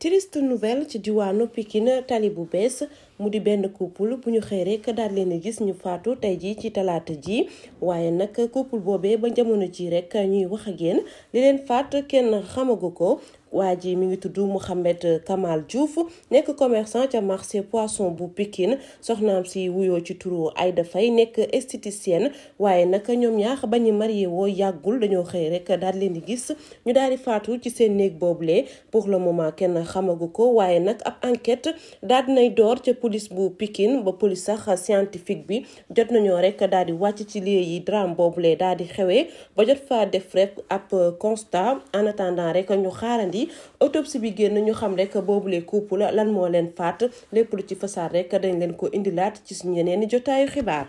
triste nouvelle ci diwaanu Pikine tali bu bees mu di benn couple bu ñu xëy rek daal leen gis ñu faatu tey jii ci talaata ji waaye nag couple boobee ba jamono ji rek ñuy wax ak yéen li leen faat kenn xamagu ko waa ji mi ngi tudd Mouhamed euh, Kamal Diouf nekk commerçant ca marché poisson bu Pikine soxnaam si wuyoo ci turu Aïda Faye nekk esthéticienne waaye nag ñoom ñaar ba ñu marié woo yàggul dañoo xëy rek daal leen di gis ñu daal di faatu ci seen néeg boobule pour le moment kenn xamagu ko waaye nag ab enquête daal nay door ca police bu Pikine ba police sax scientifique bi jot nañoo rek daal di wàcc ci lieu yi drame boobule daal di xewee ba jot fa def rek ab euh, constat en rek yi autopsie bi génn ñu xam rek boobule couple lan moo leen faat lépp lu ci fasaar rekk dañ leen ko indi laat ci suñu yeneen i jotaayu xibaar.